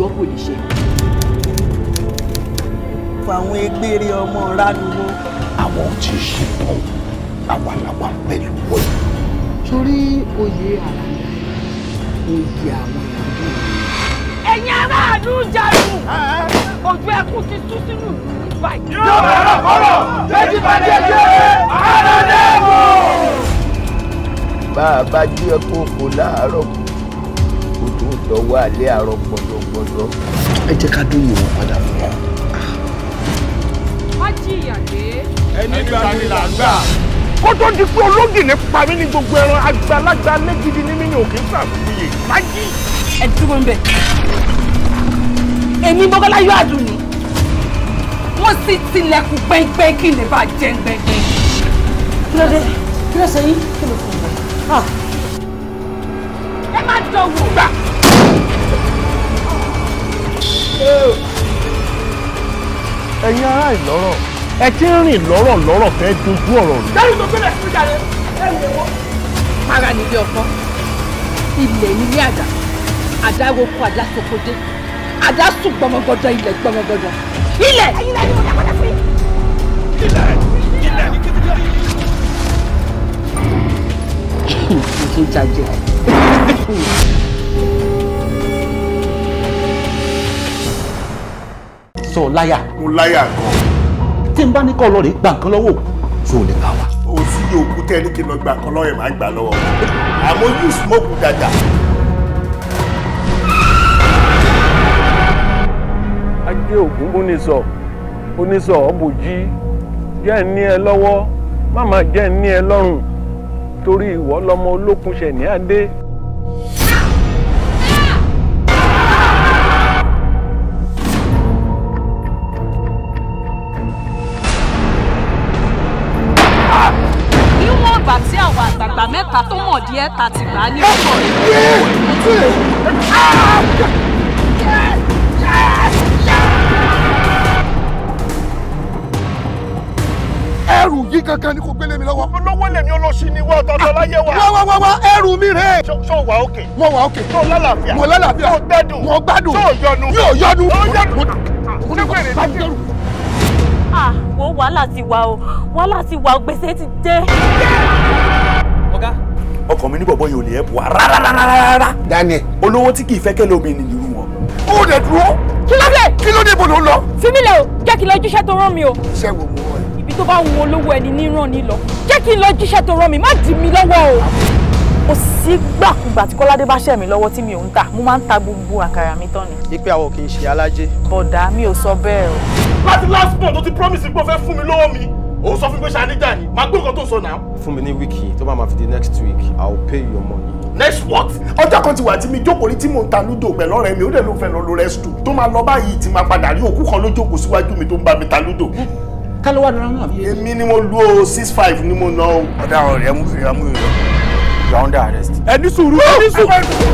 jọ kò lè ṣe. fàwọn egbére ọmọ ránuwó. àwọn ò tí ì ṣetán làwàlàwà pẹ̀lú wọn. torí oyè àlàyé oyè àwọn ìyàwó. ẹ̀yin aráàlú jaru ojú ẹkún ti tú sínú ìlú báyìí. yóò bẹ̀rẹ̀ fọ́rọ̀ jẹ́jì bàjẹ́ jẹ́ àdàdẹ́gbò. bá a bá jí ẹkún kò láàárọ̀ kùtù tó dọ̀wọ́ alẹ́ àárọ̀ pọ̀ gbọ́dọ̀ ẹ jẹ́ ká dóyè wọn padà fún wa. má jìyà dé. ẹni gba ni là ń gbà. kó tó di pé ológìní pa mí ní gbogbo ẹran àgbàlagbà lẹ́gidi ní mímí òkè sàfihàn lájì. ẹ dúró ń bẹ èmi bọ́kọ́lá yóò àdùn ni wọ́n sì tilẹ̀kùn pẹ́ńpẹ́ kí n lè bá jẹun gbẹ̀gbẹ̀. kí ló dé kí ló ṣe yín kí ló fún un bẹ́ẹ̀. ẹ má dọ̀wọ́. gbà ẹ̀yin ará ìlọ́rọ̀ ẹ ti ń rìn lọ́rọ̀ lọ́rọ̀ fẹ́ dojú ọ̀rọ̀ rẹ̀. lẹ́yìn tó gbélé fún ìjà rẹ ẹ̀rù ẹ̀wọ́. para nílé ọkọ ilẹ̀ nílé àdá àdá roko àdá sokodé àdá sùn gbọmọgbọdọ ilẹ̀ gbọmọgbọdọ ilẹ̀. ẹ̀yin lẹ́yìn mo dàgbọ́dọ̀ fún yín. ilẹ̀ ilẹ̀ ní kékeré. mo tún jàjẹ́. sọ láyà. mo láyà gan. tí n bá ní kọ́ ọ lọ rè gba nǹkan lọ́wọ́ tó o lè bá wa. o sì yí òkú tẹ́ ní kí n lọ gba nǹkan lọ́wọ́ ẹ̀ máa gbà lọ́wọ́ àmọ́ yóò smoke dáadáa. ajé ògún onísọ onísọ ọbòjì jẹ́ ní ẹ lọ́wọ́ má má jẹ́ ní ẹ lọ́rùn torí ìwọ lọmọ olókùn ṣẹ̀ ní adé. yẹ tàti gbà ní ọkọ ẹrù yìí kankan ni kò gbélé mi lọ́wọ́. olówó lèmi olóṣì ni wọ́n tọ́jọ́ láyé wa. wá wá wá wá ẹrù mi rè. ṣó wà òkè. mo wà òkè. ṣó lálàáfíà. mo lálàáfíà. ṣó gbẹ́dùn. mo gbádùn. ṣó yọnu. yóò yọnu. ó yọnu. mo ní wọ́n bá ah wo wàhálà ti wà o wàhálà ti wà o gbèsè ti dé ọkàn mi ní bọ̀bọ̀ yìí ò lè ẹ̀ bù wá rárá. Daniel. olówó tí kì í fẹ́ kẹ́lẹ́ obìnrin nìyí wọn. ó lè dúró. kí ló dé. kí ló dé bò ló ń lọ. fímílẹ̀ o jẹ́ kí n lọ jíṣẹ́ tó rán mi o. iṣẹ́ wo mo rán ẹ. ibi tó bá wù olówó ẹni ní ràn ní lọ jẹ́ kí n lọ jíṣẹ́ tó rán mi má dì mí lọ́wọ́ o. kò sí gbàkúgbà tí Kọ́ládé bá ṣẹ̀ mí lọ́wọ́ tí mi ò ń ta mo máa ń ta gbogbo àkàrà mi tán ni. ipe àwọn kì í ṣe mi ò sọ o. láti last month o ti promise pé o fẹ́ fún mi ó sọ fún pé ṣáníjà ni máa gbé nǹkan tó sọ náà. fún mi ní wíìkì tó bá máa fi di next week i will pay you your money. next what. ọjọ́ kan ti wà tí mi jókòó rí tí mò ń ta lúdò pẹ̀lú ọ̀rẹ́ mi ó dẹ̀ ló fẹ́ lọ lo rẹ́sítù tó máa lọ báyìí tí máa padà rí òkú kan ló jókòó síwájú mi tó ń bá mi ta lúdò. ká ló wà lọ́ra náà. èmi ni mo lu o six ni mo ná o. ọ̀daràn rẹ̀ mú ìrọ̀mú ìrọ̀ ground arrest. ẹni sùúrù ẹni sùúrù.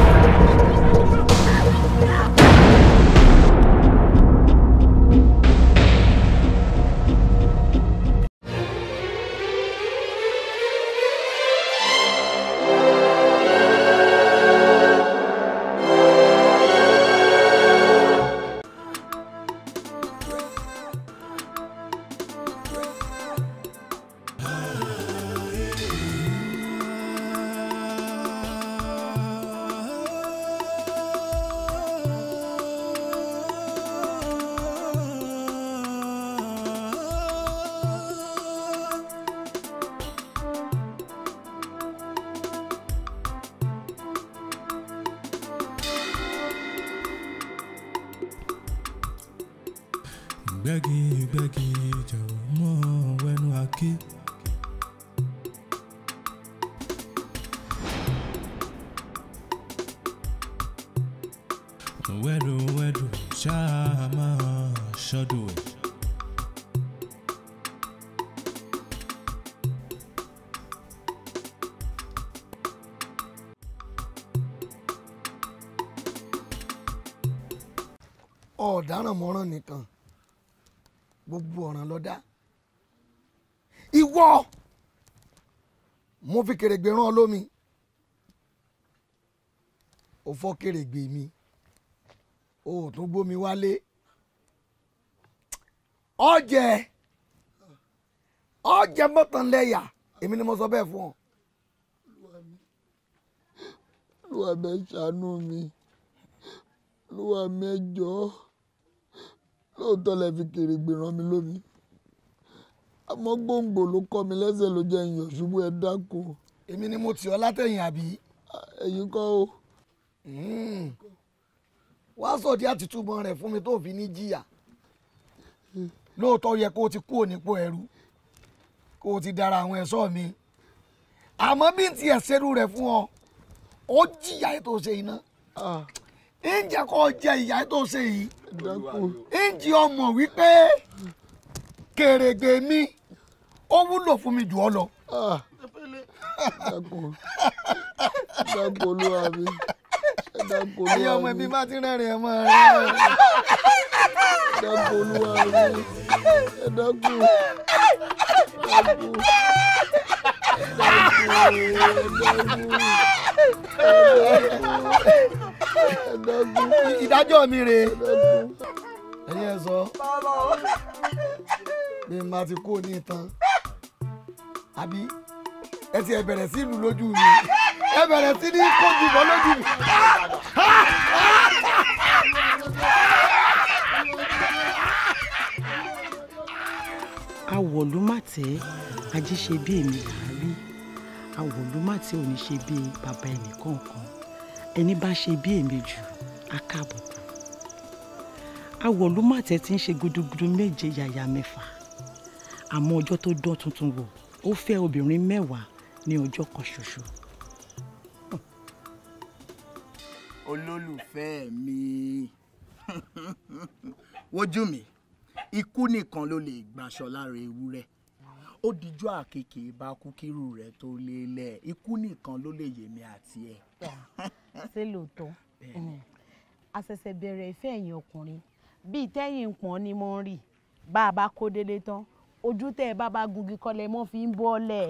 ọ̀daràn mọ́ràn nìkan gbogbo ọ̀ràn lọ́dá ìwọ mo fi kèrègbè rán ọ lómi ò fọ́ kèrègbè mi ò tún gbómi wálé ọjẹ ọjẹ mọ́tànlẹ́yà èmi ni mo sọ bẹ́ẹ̀ fún ọ. lùwàmẹ́ ṣàánú mi lùwàmẹ́ jọ̀ọ́ lóòótọ́ lẹ fi kèrègbè ràn mí lómi àmọ́ gbòǹgbò ló kọ́ mi lẹ́sẹ̀ ló jẹ́ ìyàn ṣubú ẹ dákun. èmi ni mo tì ọ́ látẹ̀yìn àbí. ẹ̀yin kọ́ o. Hmm. wá sọ̀dí àtìtúbọ̀ rẹ̀ fún mi tó fi ní jìyà lóòótọ́ yẹ kó o ti kúrò nípò ẹrú kó o ti dára àwọn ẹ̀ṣọ́ mi àmọ́ bí n ti ẹ̀ṣẹ́rú rẹ̀ fún ọ ó jìyà ètò ṣe iná ń jẹ́ kó o jẹ ìyà ètò ṣe yìí ìjì ọmọ wípé kèrègbè mi ó wúlò fún mi jù ọ lọ. ẹyọ ọmọ ẹbí bá ti rẹ́rìn ẹ̀ máa rẹ́rìn. dákun olúwa mi ẹ dákun ìdájọ́ mi rèé ẹ̀yin ẹ̀ sọ mi máa ti kó ní ìtàn àbí ẹ ti ẹ bẹ̀rẹ̀ sí ìlú lójú mi ẹ bẹ̀rẹ̀ sí ní kójú bọ́ lójú mi. àwọ̀lú má àwọ̀ ló má tí ò ní ṣe bí bàbá ẹnì kọ̀ọ̀kan ẹni bá ṣe bí èmi jù á káàbọ̀ àwọ̀ ló má tẹ́ ti ń ṣe gudugudu méje yàyà mẹ́fà àmọ́ ọjọ́ tó dán tuntun wò ó fẹ́ obìnrin mẹ́wàá ní ọjọ́ kan ṣoṣo. olólùfẹ́ mi wojú mi ikú nìkan ló lè gbàṣọ lára ewúrẹ́ ó dijọ́ àkekè bá kú kírú rẹ̀ tó lélẹ̀ ikú nìkan ló lè yèmí àti ẹ̀. ṣé lóòótọ́ àṣẹ̀ṣẹ̀ bẹ̀rẹ̀ ìfẹ́ ẹ̀yin ọkùnrin bíi tẹ́yìn pọ́n ni mo ń rì bá a bá kó délé tán ojú tẹ́ ẹ bá bá gungi kọ́lẹ̀ mọ́ fi ń bọ́lẹ̀.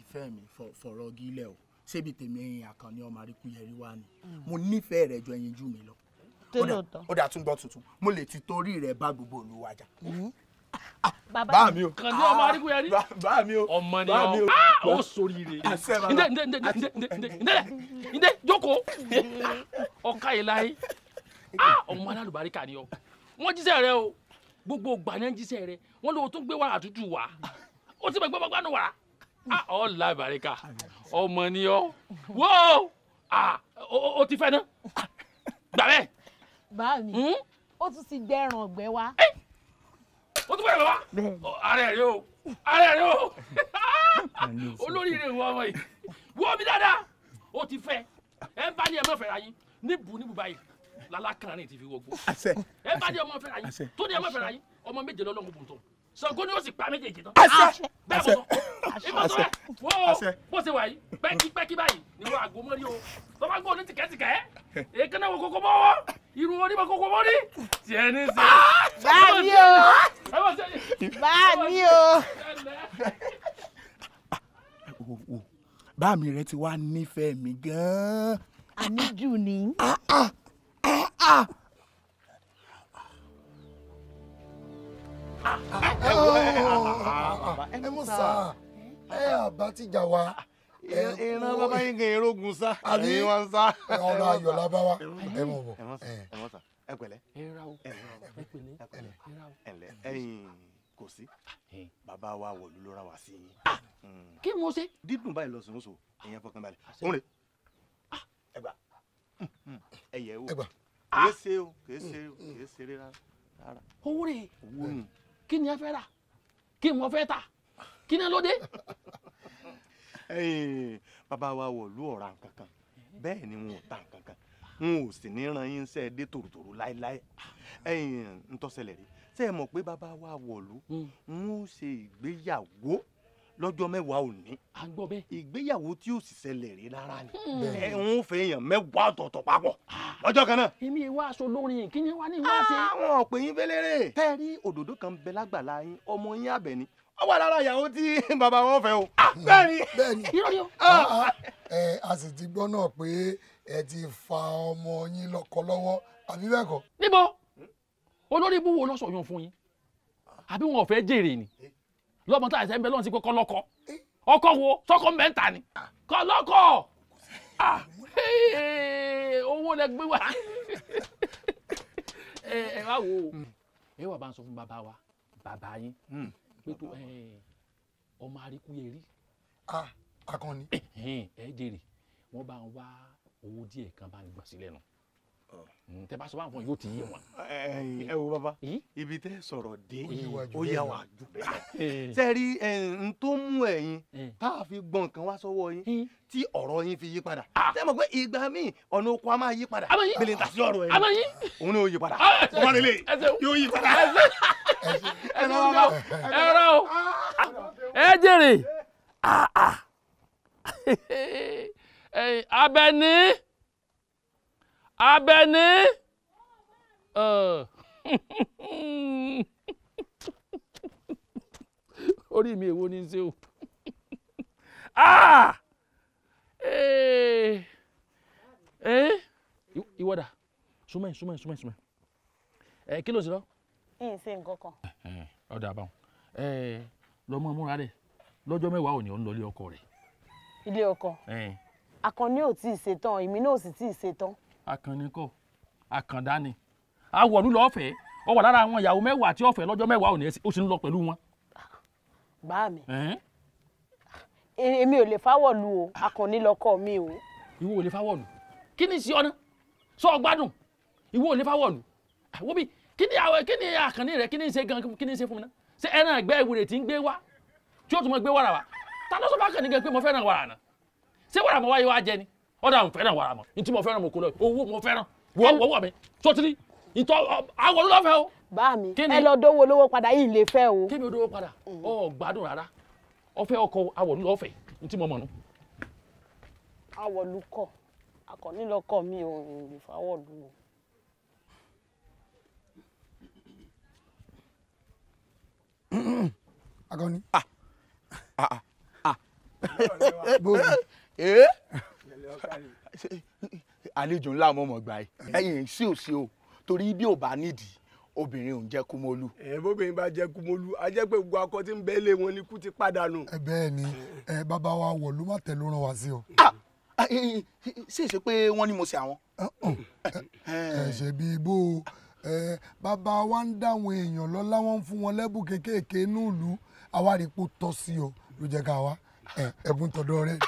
ìfẹ́ mi fọ̀rọ̀ gílẹ̀ o ṣébi tèmi ẹyin àkànní ọmọ àríkú yẹrí wá ni mo nífẹ̀ẹ́ rẹ̀ ju ẹyin jù mí lọ. tó lóòótọ́ ó dà tún gbọ́ tuntun mo lè ti torí rẹ̀ bá gbogbo olùwàjà bá mi o kàn ní ọmọ arígun yẹn rí bá mi o ọmọ ni ọ ah, ó ṣoríire ndé ndé ndé ndé ndé ndé ndé jókòó ọkà yìí láyé ah, ọmọ alálùbáríkà ni ọ wọn jíṣẹ́ rẹ o gbogbo gbàná jíṣẹ́ rẹ wọn lọ tún gbé wàrà tútù wá ó ti bẹ gbọ́ gbọ́nù wàrà ọ ah, làbàríkà ọmọ ni ọ wọ́ọ́ ó ti fẹ́ ná gbàgbẹ́. báà mi hmm? ó tún ti gbẹ́ràn ọ̀gbẹ́ wa ó o ààrẹ rẹ o olóríire ìwọ ọmọ yìí wọ́n mi dáadáa ó ti fẹ́ ẹ ń bá ní ẹ mọ̀ fẹ́ra yín níbu níbu báyìí làlákàrin ti fi wọ́gbó ẹ ń bá ní ọmọ fẹ́ra yín tó ní ẹ mọ̀ fẹ́ra yín ọmọ méje lọ́lọ́run Ṣàngó ni ó sì pa méjèèjì tán. àṣẹ ah, àṣẹ àṣẹ àṣẹ bó ṣe wà yìí pẹ́kípẹ́kí báyìí ni wọ́n àgbo mọ́rí o tó bá gbọ́ ní tìkẹ́tìkẹ́ èékán náà wọ kókó mọ́wọ́ irun onímọ̀ kókó mọ́rí tiẹ̀ ní ah! ṣe. báàmí o báàmí o. báàmí rẹ ti wá nífẹ̀ẹ́ mi gan-an. àníjù ni. Ah, ẹ mú sá ẹ àbá ti jà wá. ìran bàbá yín gan erógun sá ẹ̀yin wá ń sá. ọ̀rọ̀ ayọ̀ la bá wa ẹ mọ̀ bọ̀ ẹ pẹ̀lẹ́ ẹ pẹ̀lẹ́ ẹ pẹ̀lẹ́ ẹ̀yin kò sí bàbá wa wọ̀lú ló ra wá sí yín. kí n wo ṣe. dídùn báyìí lọ sùn sùn èèyàn fọkàn balẹ̀ òun rè é gbà ẹ̀yẹ̀ wò kèé ṣe o kèé ṣe o kèé ṣe rárá. owó rè owó rè kí ni ẹ fẹ́ rà kí mo fẹ́ tà kí náà ló dé. bàbá wa wọ̀lú ọ̀ra kankan bẹ́ẹ̀ ni wọn ò ta kankan n ò sì ní ran yín sẹ́ ẹ dé tòrótòró láéláé ẹ̀yìn ntọ́sẹ̀lẹ̀ rí sẹ́ ẹ mọ̀ pé bàbá wa wọ̀lú hmm. n ó ṣe ìgbéyàwó lọ́jọ́ mẹ́wàá òní. à ń gbọ́ bẹ́ẹ̀. ìgbéyàwó tí yóò sì ṣẹlẹ̀ rí rárá hmm. ni. ẹ ń fẹ́ èèyàn mẹ́wàá ọ̀tọ̀ọ̀tọ̀ papọ̀ lọ́jọ́ kan náà. èmi ìwà aṣọ lórin kí ni wàá ní ìwà ṣe. àwọn ah, ọ̀pẹ yín fẹ́lẹ́rẹ́. tẹ́ rí òdòdó kan bẹ lágbàlá yín ọmọ yín àbẹ̀ ni ó wà lára ìyàwó tí bàbá wọn fẹ́ o. Ah, bẹ́ẹ̀ni bẹ́ẹ̀ni ah. ẹ a sì ti gbọ́ náà pé ẹ ti lọ́mọ tá àìsàn ń bẹ lọ́n sí pé kọ́lọ́kọ́ ọkọ wo sọ́kọ́ mẹ́ta ni kọ́lọ́kọ́ owó lẹ gbé wá ẹ wá wò ó ẹ wà bá ń sọ fún bàbá wa bàbá yín hmm. pé tó ọmọ àríkúyèrí. akọni. ẹ jèrè wọn bá ń wá owó díẹ̀ kan bá ń gbọ̀n sílẹ̀ nù. Hmm. tẹ bá sọ báwọn yóò ti yé wọn. ẹ wo bàbá ibi tẹ sọ̀rọ̀ dé ó yà wá jù bẹ́ẹ̀ sẹ́rí n tó mú ẹ̀yin tá a fi gbọ́n nǹkan wá sọ́wọ́ yín tí ọ̀rọ̀ yín fi yí padà tẹ́ mọ̀ pé ìgbà míì ọ̀nà oko a máa yí padà bẹ̀lẹ̀ ń tàsí ọ̀rọ̀ òun ni ó yí padà wọ́n lè yóò yí padà. ẹ lọ bàbá ẹ rọ o ẹ jèrè Àbẹ̀ní. Abẹ́ní. orí mi èwo ni ṣe o. ìwọ́dà súnmọ́ ẹ̀ súnmọ́ ẹ̀ súnmọ́ ẹ̀ súnmọ́ ẹ̀ kí ló ṣe lọ. ẹ̀ ṣe nǹkan kan. ọ̀dà àbáwọn lọ́mọ múra rẹ̀ lọ́jọ́ mẹ́wàá òní ò ń lọ ilé ọkọ rẹ̀. ilé ọkọ akànni ò tí ì ṣetán èmi náà ò sì tí ì ṣetán akànnì akandani. àkàndá ni awọ̀lú lọ́ọ́ fẹ́ ọ wà lára àwọn ìyàwó mẹ́wàá tí ọ̀fẹ́ lọ́jọ́ mẹ́wàá ò ní ó sì ń lọ pẹ̀lú wọn. bá mi èmi ò lè fáwọ̀lù o akànnì lọkọ mi o. ìwọ ò lè fáwọ̀lù kí ni sí ọ̀nà sọ ọgbádùn ìwọ ò lè fáwọ̀lù àwọn bí kí ni àwọn kí ni akànnì rẹ kí ni ṣe gan kí ni ṣe fún mi náà ṣé ẹran ẹgbẹ́ ìwúre tí ń gbé wá tí ó tún mọ gbé wàrà wá ta ló sọ fún akànnì gan pé mo fẹ́ràn wàrà náà ṣé wàrà mo wáyé wá jẹ ni ọ̀dà àwọn fẹ́ràn wàrà mọ̀ ntí mo fẹ́ràn mo kó lọ owó mo fẹ́ràn wọ́ wọ́ wọ́ mi sotiri ntọ́ àwọn olólọ́fẹ́ o. bá mi ẹ lọ dówó olówó padà yìí lè fẹ́ o. kí ni o dówó padà ọ gbádùn rárá ọfẹ́ ọkọ àwọ̀lúlọ́fẹ́ ntí mo mọ̀ nù. àwọ̀lúkọ akọ̀nílọ́kọ̀ mi ò lè fáwọ̀ lù ú. akọni. ah ah ah. ah. bóyá àlejò ńlá ọmọ ọmọ gbà yìí ẹ̀yin sí ò sí o torí bí ò bá nídìí obìnrin ò ń jẹ́ kúmọ́lú. ẹ bóbìnrin bá jẹ́ kúmọ́lú a jẹ́ pé gbogbo akọ tí ń bẹ́ẹ̀ lé wọn ni kú ti pàdánù. ẹ bẹ́ẹ̀ ni ẹ bàbá wa wọ̀ ló má tẹ̀ ló ràn sí o. Ah, ah, ṣé èsì pé wọ́n ní mo ṣe àwọn. ẹ ṣe bí ibò bàbá wa ń dáwọn èèyàn lọ́lá wọn ń fún wọn lẹ́bùn kéékèèké nílùú àwa rí i pé tọ́ sí ọ ló jẹ́ ká wa ẹ̀bùn tọ̀dọ̀ rẹ̀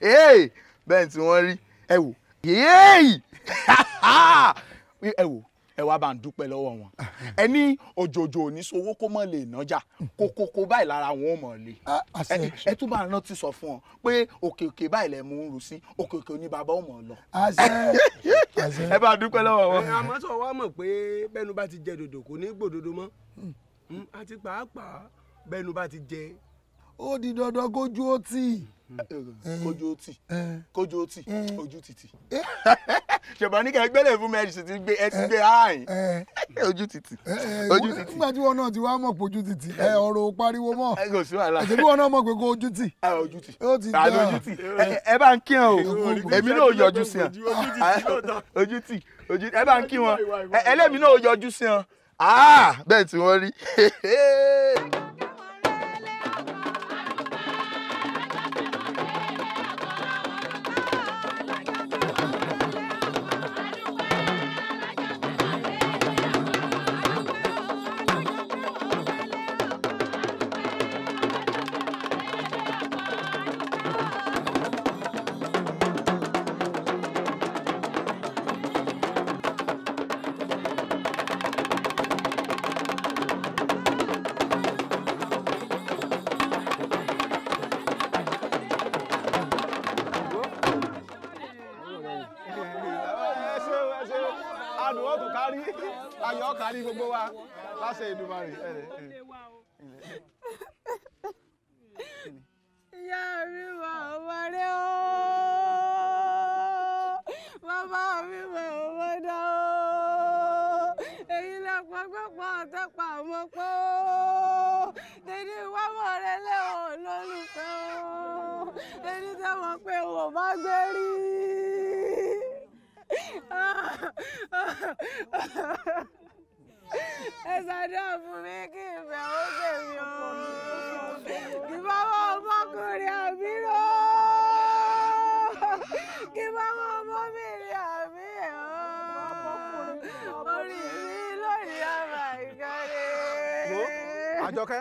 bẹ́ẹ̀ tí wọ́n rí ẹ wò yéèyì ẹ wò ẹ wá bá ń dúpẹ́ lọ́wọ́ wọn ẹ ní òjòjò ní sowó kó mọ̀ lè nájà kókókó báyìí lára wọn ò mọ̀ lé ah, ẹ tún bá ń rántí sọ fún ọ pé òkè òkè báyìí lẹ̀ mú un rù sí òkè òkè ní bàbá ò mọ̀ lọ. ẹ bá dúpẹ́ lọ́wọ́ wọn. Eh, àmọ́ sọ wá mọ̀ pé bẹ́nu bá ti jẹ dòdò kò ní gbòdodo mọ́ hmm, àti pàápàá bẹ́nu bá ti jẹ ó di dandan kójú ó tì hmm. kójú ó tì hmm. kójú ó tì hmm. ojú títì ṣùgbọ́n ní kẹgbẹ́lẹ̀ fún mẹ́rin sì ti gbé ẹ ti gbé ààyìn ojú títì ojú títì. nígbà tí wọn náà ti wá mọ̀ pé ojú títì ẹ ọ̀rọ̀ pariwo mọ́ ẹ̀sìn bí wọn náà mọ̀ pé kó ojú tì. Ah, ojú tì ta ló ojú tì ẹ bá ń kí hàn o èmi náà yọjú sí hàn ojú tì ojú ẹ bá ń kí wọn ẹlẹ́mi náà yọjú sí hàn bẹ́ẹ̀ tí wọ́n rí. ṣàdá fún mi kí n fẹ́ ó tèmi o kí bá ọmọkùnrin àbí rò kí bá ọmọbìnrin àbí ẹ̀ ó orí mi lórí àbá ìkárẹ́. àjọkẹ́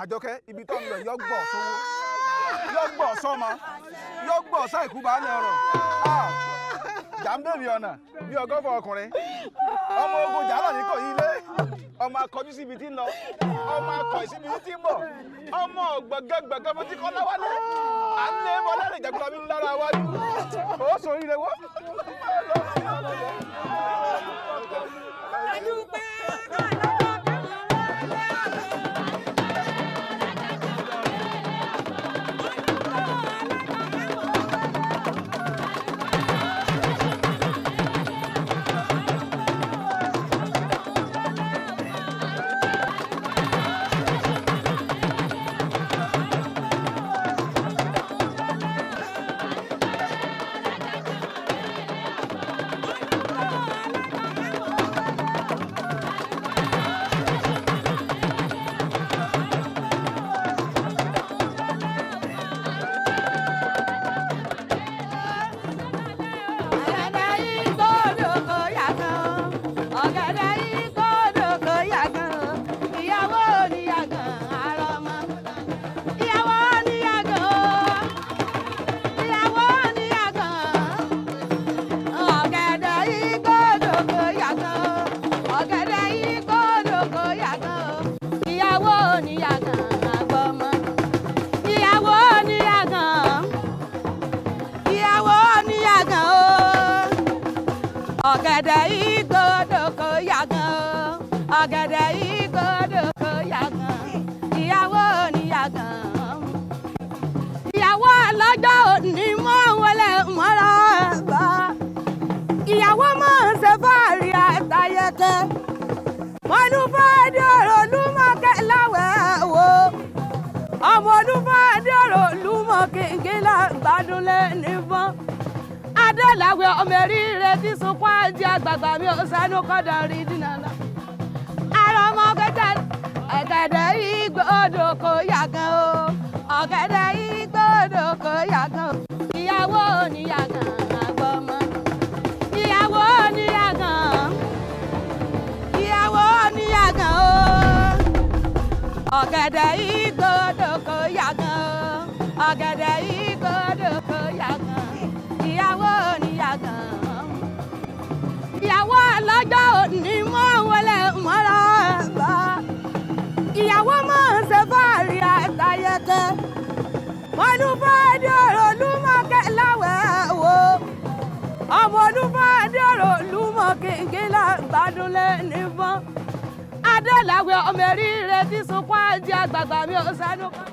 àjọkẹ́ ibi tó ń lọ yọ gbọ̀ sówó yọ gbọ̀ sọ́mọ yọ gbọ̀ sáìkú bá lẹ̀ ọ̀rọ̀ ah, jàǹdùmí ọ̀nà bí ọgọ́fọ̀ ọkùnrin ọmọ ogun jàlọ́ ní kò yí lé ọmọ akọjú síbi tí ń lọ ọmọ akọ síbi tí ń bọ̀ ọmọ gbọ̀ngàngbọ̀ngàn mo ti kọ́ láwálẹ̀ à ń lé bọ́lá rẹ̀ jàgbọ́n mi ń lára wájú ó sòrí rẹ̀ wọ́n. ọ̀gẹ̀dẹ̀ ìgbòdo kò yá gan ọ̀gẹ̀dẹ̀ ìgbòdo kò yá gan ìyàwó níyà gan ìyàwó ọlọ́jọ́ òní mọ́ wọlé mọ́ra bá ìyàwó mọ́ ṣe fọ́ọ̀rì àtàyẹ̀kẹ́ fún ọmọdé làwẹ̀ ọmọ ẹ̀rí rẹ̀ ti sunkún àjẹ àgbààgbà mi ò sánú kọ́dọ̀ rí dínà lọ. ara ọmọ ọgẹ́dẹ́ ọ̀gẹ̀dẹ̀ igbó odò kò yá gan o ọ̀gẹ̀dẹ̀ igbó odò kò yá gan o ìyàwó oníyà gan àgbọ̀ ọmọ ìyàwó oníyà gan ìyàwó oníyà gan o ọ̀gẹ̀dẹ̀ igbó odò kò yá gan o ọ̀gẹ̀dẹ̀ igbó odò kò yá gan o ìyàwó oníyàgàn ìyàwó ọlọ́jọ́ òní mọ́ wọlé mọ́ra bá ìyàwó mọ́ ṣe fáàrí àtàyẹ̀kẹ́ olùfọ́dé olùmọ̀kẹ́ láwẹ̀ wo ọmọ olùfọ́dé olùmọ̀kẹ́ gíga gbádùnlé níbọn adélàwẹ̀ ọmọ eré tí sunkún ajé àgbàgbà mi ò sánú pa.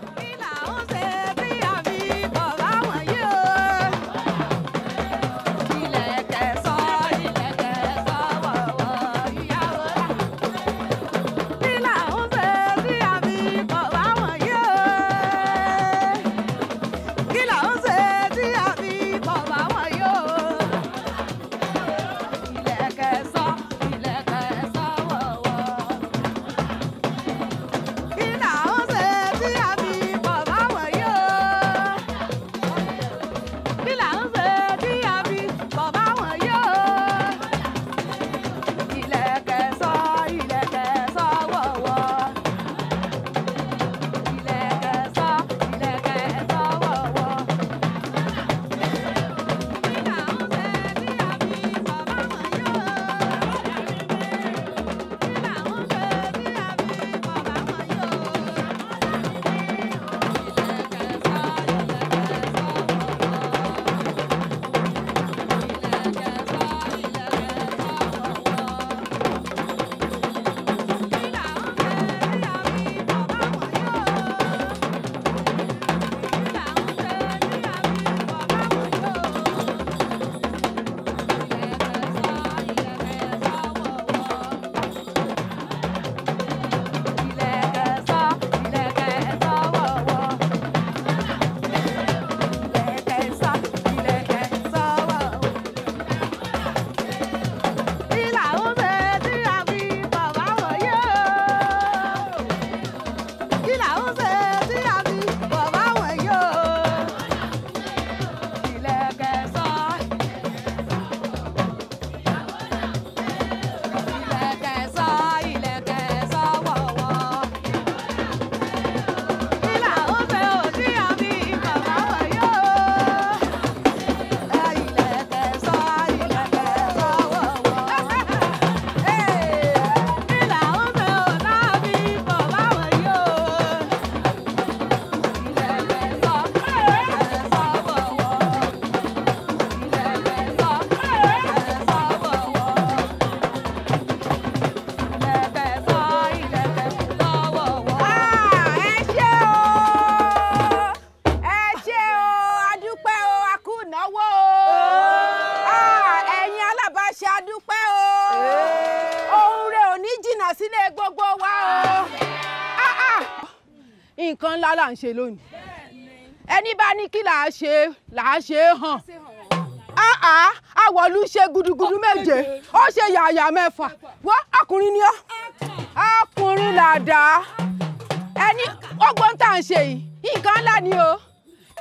yàyà ṣe é hàn àá ah, ah, àwọ̀lú ṣe gudugudu méje ó ṣe yàyà mẹ́fà wọ́n ọkùnrin ni ọ́ ọkùnrin làdá ẹni ọgbọ́n tá à ń ṣe yìí nǹkan ńlá ni o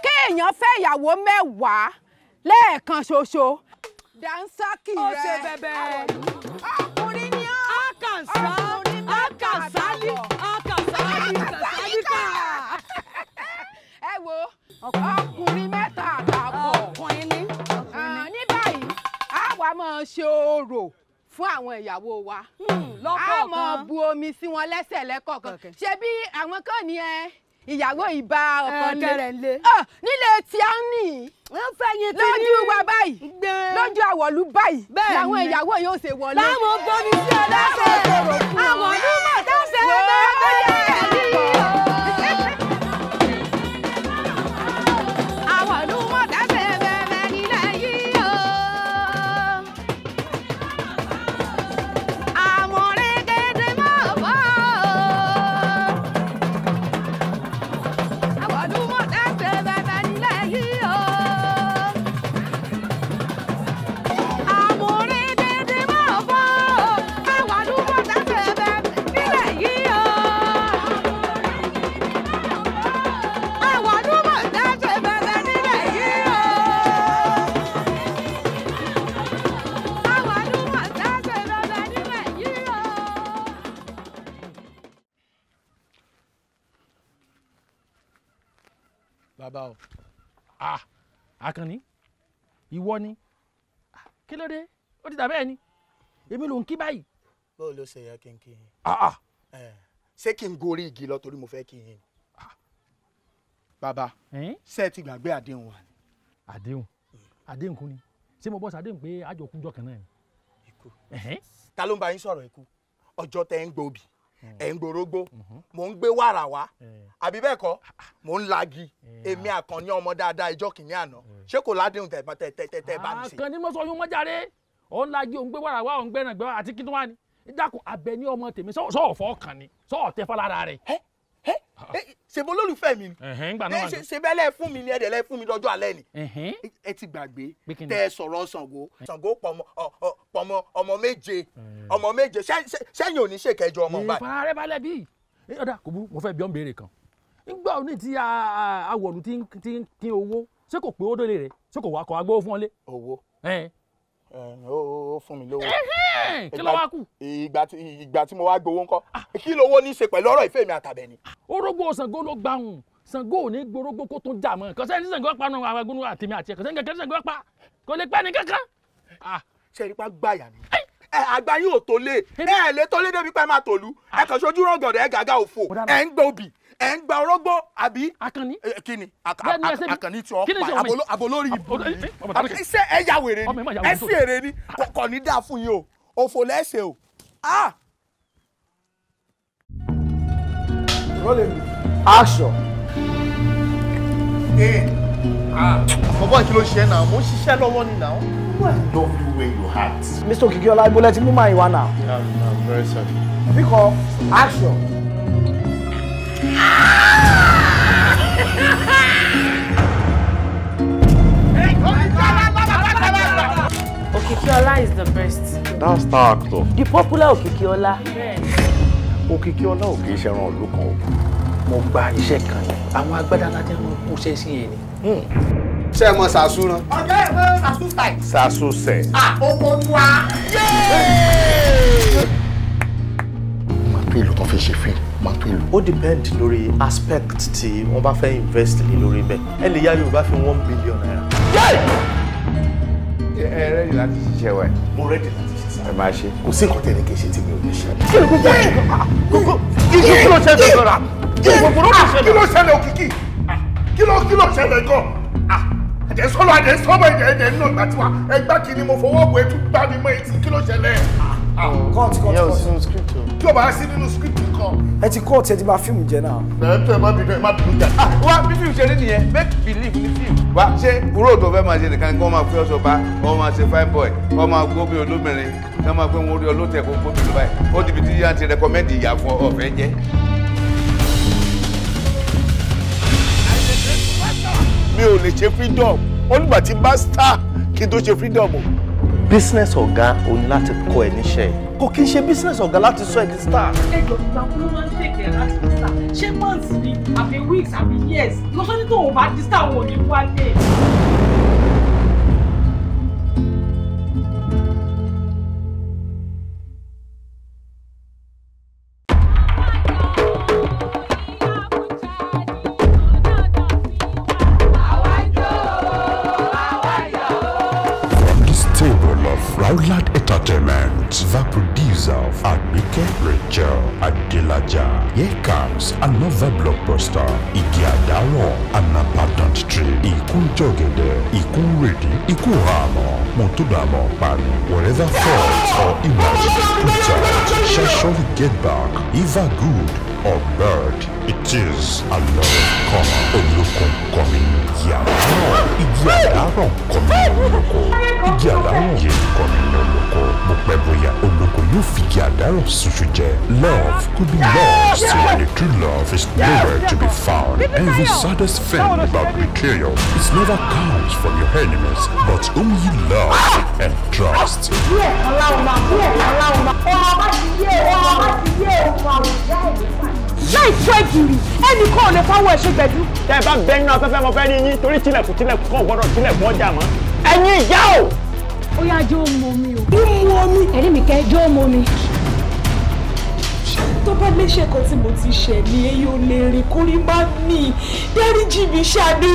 kéèyàn fẹ́ ìyàwó mẹ́wàá lẹ́ẹ̀kan ṣoṣo dansaki rẹ ó ṣe bẹbẹ ọkùnrin ni ọ́ àkànṣá Akansali. Akansali. àkànṣálí kà ẹ wo ọkùnrin mẹ́ta fún yín ní. Ah, ní báyìí a wá máa ṣe orò fún àwọn ìyàwó wa hmm, a máa bu omi sí wọn lẹ́sẹ̀ lẹ́kọ̀ọ̀kan ṣe bí àwọn kan ní ẹ ìyàwó ìbá ọkọ eh, lé ah, nílé tí a ń nì lójú wa báyìí lójú àwọ̀lú báyìí làwọn ìyàwó yóò ṣe wọlé. láwọn gbomi sí ọlọ́sẹ̀ àwọn onímọ̀ tó ṣe é lọ́wọ́ àkànní ìwọ ni ah, kí ló dé ó ti dàbẹ́ ni èmi ló ń kí báyìí. báwo ló ṣe yẹ kí n kí yín. Ah, ah. ṣé kí n gorí igi lọ torí mo fẹ́ kí yín. bàbá ṣé ẹ ti gbàgbé àdéhùn wa. àdéhùn àdéhùn kún ni ṣé mo bọ́ sí àdéhùn pé àjọ kan náà ni. ta ló ń bá yín sọ̀rọ̀ ikú ọjọ́ tẹ ń gbòbí Mm-hmm. ẹ̀ ń gbòrógbó mm-hmm. mò ń gbé wàrà wá eh. àbí bẹ́ẹ̀ kọ́ mò ń lagi eh. èmi àkànní ọmọ dáadáa ìjọ kìíní àná eh. ṣé kò ládéhùn tẹ̀tẹ̀tẹ̀tẹ̀ bá mi sí. àkànní mo sọ yún wọn jáde òun lagi òun gbé wàrà wá òun gbẹ́ràn gbẹ́ràn àti kí tó wà ní dákun abẹ ní ọmọ tèmi sọ̀ọ̀fọ̀ kàn ní sọ̀ọ̀tẹ́ fọlára rẹ̀. ṣe mo lólùfẹ́ mi ni ṣe bẹ́lẹ̀ fún mi ni ẹ̀dẹ̀ lẹ́ fún mi lọ́jọ́ alẹ́ ni ẹ ti gbàgbé tẹ sọ̀rọ̀ Ṣàngó Ṣàngó pọ̀ ọmọ ọmọ méje mm. ọmọ méje sẹ́yìn ò ní ṣe kẹjọ ọmọ báyìí. ìfara rẹ balẹ̀ bíi ọ̀dà kò bú mo fẹ́ bí ọ́n béèrè kan nígbà òní tí awọ̀lù ti ń kín owó ṣé kò pé ó délé rẹ̀ ṣé kò wá kọ́ agbó fún ọ lé. owó ó fún mi lówó. kí ló wá kù. ìgbà tí mo wá gbowó ńkọ́ kí lówó ní í ṣe pẹ̀lú ọ̀rọ̀ ìfẹ́ mi àtàbẹ̀ ni. orógbó Ṣàngó ló gbàhùn Ṣàngó ò ní gborógbó kó tún jà mọ́ kọ́sẹ́ ní Ṣàngó pa nù àwọn agbóhùn àtẹ̀mí àti ẹ̀kọ́sẹ́ ní kẹ́kẹ́ Ṣàngó pa kò lè pa ní kankan. Ah, ṣe rí pa gbàyà ni àgbà yín ò tó lé ẹ lè tó lé débi pé máa tòlú ah. ẹ kàn ṣojú rọgọdẹ ẹ gàgà òfò ẹ ń gbọ́ obì ẹ ń gba ọrọgbọ àbí. akànni kini akànni tí ọ pa abolórí ah, ibu yìí iṣẹ ẹ ya wèrè ni ẹ sì èrè ni kọkọ ní dáa fún yín o òfò lẹ́sẹ̀ o. Ah! rọlẹ̀ mi aṣọ. ọ̀bọ̀n eh, kí ló ṣe é náà mo ń ṣiṣẹ́ lọ́wọ́ ni náà. Why love you when Mr. Kikiola, ibo lẹ ti mú màá ìwà náà. I'm very sorry. Biko, action. Okikiola is the best. That's star actor. The popular Okikiola. Okikiola ò kìí ṣẹran ìlú kan o. Mo gba iṣẹ́ kan yẹn. Àwọn agbádálájẹ́ ló kú iṣẹ́ sí yẹn ni. Hmm ṣe mọ sàṣù rán. ọjọ́ ẹ̀ mọ sàṣù sàì. sàṣù sẹ̀. àkókò tó a. tó fi ṣe fíìmù máa tó ó depend lórí aspect tí wọ́n bá fẹ́ invest lé lórí bẹ́ẹ̀ ẹ lè yá Yorùbá fi one billion naira. ẹ ẹ rẹ́dì láti ṣiṣẹ́ wa ẹ̀. mo rẹ́dì láti ṣiṣẹ́ ẹ máa ṣe. kò sí nǹkan tẹ̀lé kì í ṣe tí mi ò ní ṣe. kí ló ṣẹlẹ̀ lọ́ra ah, ah. kí ló kí ló ṣẹlẹ̀ gan àdé sọ́lọ́ àdé sọ́mọ ẹ̀dẹ̀ ẹ̀dẹ̀ nínú ìgbà tiwa ẹgbẹ́ kìíní mo fọwọ́ bò ètò gbá mi mọ etí kí ló ṣẹlẹ̀. kọ́ọ̀tù kọ́ọ̀tù yóò sínú script o. tí o bá sí nínú script kan. ẹ ti kọ́ọ̀tù ẹ ti bà fíìmù jẹ́ náà. ẹ tó ẹ má bínú ẹ má bínú jà. Ah, wá bí fíìmù ṣe rí nìyẹn make believe ní fíìmù. wá ṣé ròdò fẹ́ máa ṣe nìkan ni kí wọ́n máa fi ọ̀ṣọ́ bá wọ́n máa ṣe fine boy wọ́n máa gbóbi olómìnirin wọ́n máa gbé wọn orí ọlọ́tẹ̀ kó gbóbi lóba yìí ó dìbìtì yá ti rẹkọmẹ́ndì ìyá fún mi ò lè ṣe freedom ó nígbà tí bá star kí n tó ṣe freedom o. business ọ̀gá o ní láti kọ́ ẹ níṣẹ́ kò kí n ṣe business ọ̀gá láti sọ ẹ di star. ẹjọ ìgbà kú ló máa ń tẹ̀kẹ̀ láti di star ṣé months ni àbí weeks àbí years lọ́sọ́dún tó o bá di star wọn ò ní wálé. Equal armor, Motodamo, Banu, whatever fault or imagine put shall surely get back, either good or bad. It is a law of karma. else you Love could be lost when the true love is nowhere to be found. Every saddest thing about betrayal is never comes from your enemies, but whom you love ah! and trust. láì tó ẹgìrì ẹnì kan ò lè fọwọ́ ẹ̀ ṣe gbẹ̀dú. tẹ́ ẹ bá bẹnu afẹ́fẹ́ mo fẹ́ ní yín torí tilẹ̀kùn tilẹ̀kùn kan gbọ́dọ̀ tilẹ̀kùn ọjà mọ́ ẹ̀yin ìyá o. ó yá jó mu omi o. mú mu omi. ẹ̀rí mi kẹ́ jó mu omi tó bá léṣe kan tí mo ti ṣẹ̀ ni èyí lè rìn kórí má nì dáríjì mi ṣàánú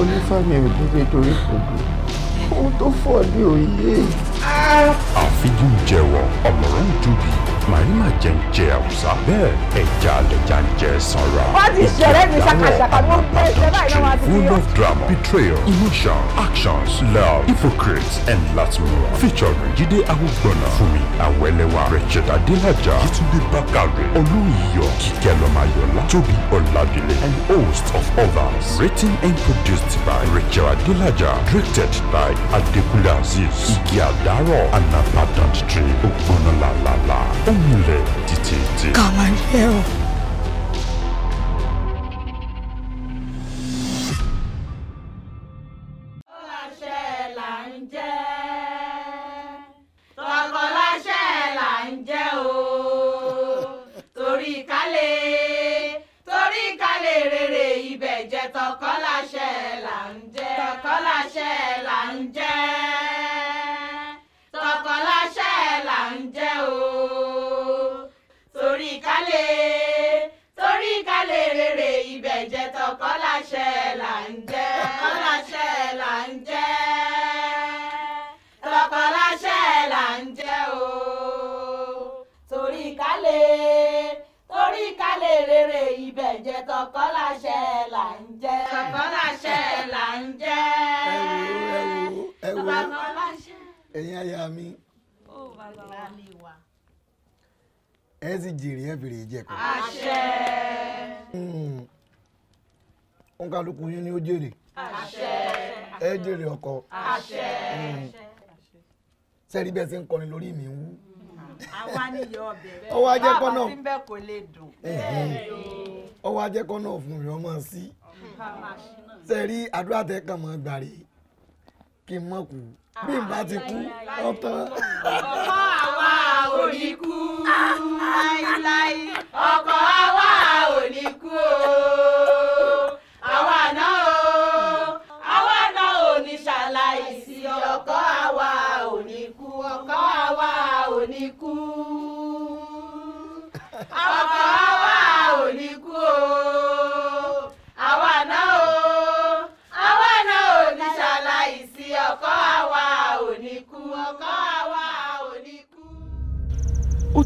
onífàmì ò torí kò dùn ohun tó fọ́ ní òye. àfijù jẹ̀wọ̀ ọ̀mọ̀ràn jùbí màrímà jẹ̀ǹjẹ̀ àwùsá bẹ́ẹ̀ ẹja àlẹ̀jàǹjẹ̀ sanra. wọ́n ti ṣẹlẹ̀ ní ṣàkàṣàkà ló ń pẹ́ ìṣẹ́ báyìí náà wá full of drama betrayal emotion actions love hypocrites and latmura featuring Jídé Awógbọ̀nà Fúnmi Awẹ́lẹ́wà Rachid Adélájà Yétúndé Bákàrè Olóyìyọ Kíkẹ́ Lọ́mọayọ̀lá Tóbi Ọ̀làdìlẹ̀ and host of others written and produced by Rachid Adélájà directed by Adékúnlé Azeez Igi Àdárọ̀ and Abadan Tree Ògbónà Làlàlà only DTT. Come on, hero. ọláṣẹ là ń jẹ ọláṣẹ là ń jẹ tọkọláṣẹ là ń jẹ o torí ká lè torí ká lè rere ibẹ̀ jẹ tọkọláṣẹ là ń jẹ tọkọláṣẹ là ń jẹ tọkọláṣẹ. ẹ̀yin aya mi ẹ sì jèrè ẹ bèrè jẹ kọ. àṣẹ. Hmm òǹkàlùkù yín ni ó jèrè ẹ jèrè ọkọ sẹ́rí bẹ́ẹ̀ sí ń kọrin lórí mi ń wú. àwa ni yọ ọbẹ̀ rẹ ọwọ́ ajẹ́kọ́ náà bá a ti bẹ́ẹ̀ kò lè dùn. ọwọ́ ajẹ́kọ́ náà fún mi ọmọ sí sẹ́rí àdúrà tẹ kàn mọ́ gbàrí kí n mọ̀ kú bí n bá ti kú ọ̀tán. ọkọ àwa ò ní kú láíláí ọkọ àwa ò ní kú o.